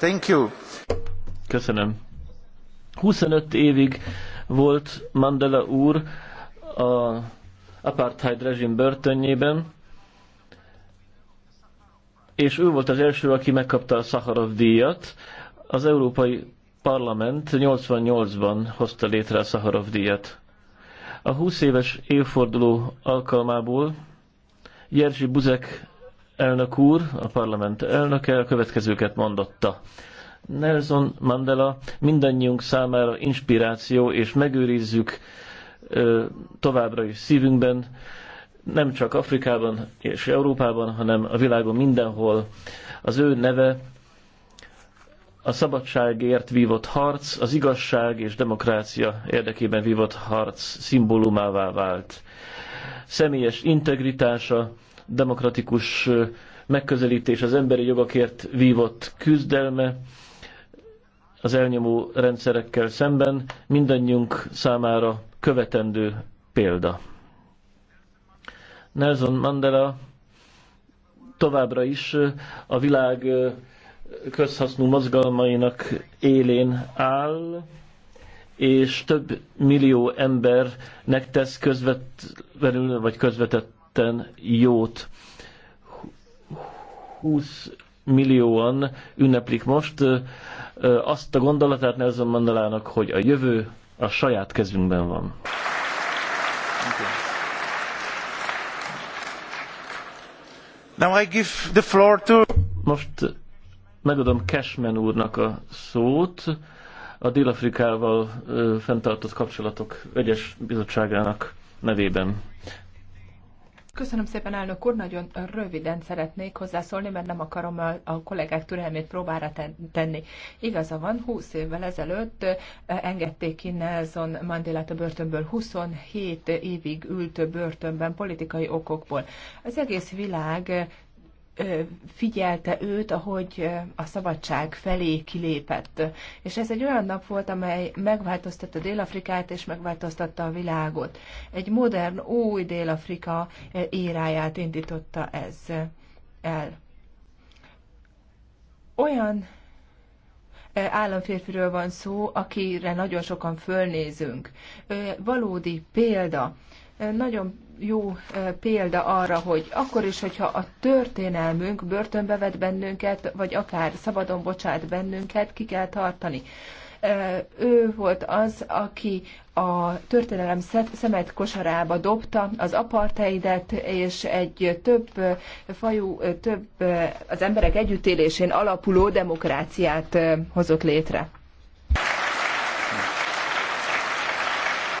Thank you. Köszönöm. 25 évig volt Mandela úr a apartheid rezsim börtönjében, és ő volt az első, aki megkapta a Szaharov díjat. Az Európai Parlament 88-ban hozta létre a Szaharov díjat. A 20 éves évforduló alkalmából Jerzy Buzek elnök úr, a parlament elnöke a következőket mondotta. Nelson Mandela mindannyiunk számára inspiráció, és megőrizzük ö, továbbra is szívünkben, nem csak Afrikában és Európában, hanem a világon mindenhol. Az ő neve a szabadságért vívott harc, az igazság és demokrácia érdekében vívott harc szimbólumává vált. Személyes integritása, demokratikus megközelítés, az emberi jogokért vívott küzdelme az elnyomó rendszerekkel szemben mindannyiunk számára követendő példa. Nelson Mandela továbbra is a világ közhasznú mozgalmainak élén áll, és több millió embernek tesz közvetlenül vagy közvetett tetten jót. 20 millióan ünneplik most azt a gondolatát Nelson Mandelának, hogy a jövő a saját kezünkben van. Now I give the floor to... Most megadom Cashman úrnak a szót, a Dél-Afrikával fenntartott kapcsolatok egyes bizottságának nevében. Köszönöm szépen, elnök úr. Nagyon röviden szeretnék hozzászólni, mert nem akarom a, a kollégák türelmét próbára tenni. Igaza van, 20 évvel ezelőtt eh, engedték innen Nelson Mandela a börtönből. 27 évig ült börtönben politikai okokból. Az egész világ eh, figyelte őt, ahogy a szabadság felé kilépett. És ez egy olyan nap volt, amely megváltoztatta Dél-Afrikát és megváltoztatta a világot. Egy modern, új Dél-Afrika éráját indította ez el. Olyan államférfiről van szó, akire nagyon sokan fölnézünk. Valódi példa nagyon jó példa arra, hogy akkor is, hogyha a történelmünk börtönbe vet bennünket, vagy akár szabadon bocsát bennünket, ki kell tartani. Ő volt az, aki a történelem szemet kosarába dobta az apartheidet, és egy több fajú, több az emberek együttélésén alapuló demokráciát hozott létre.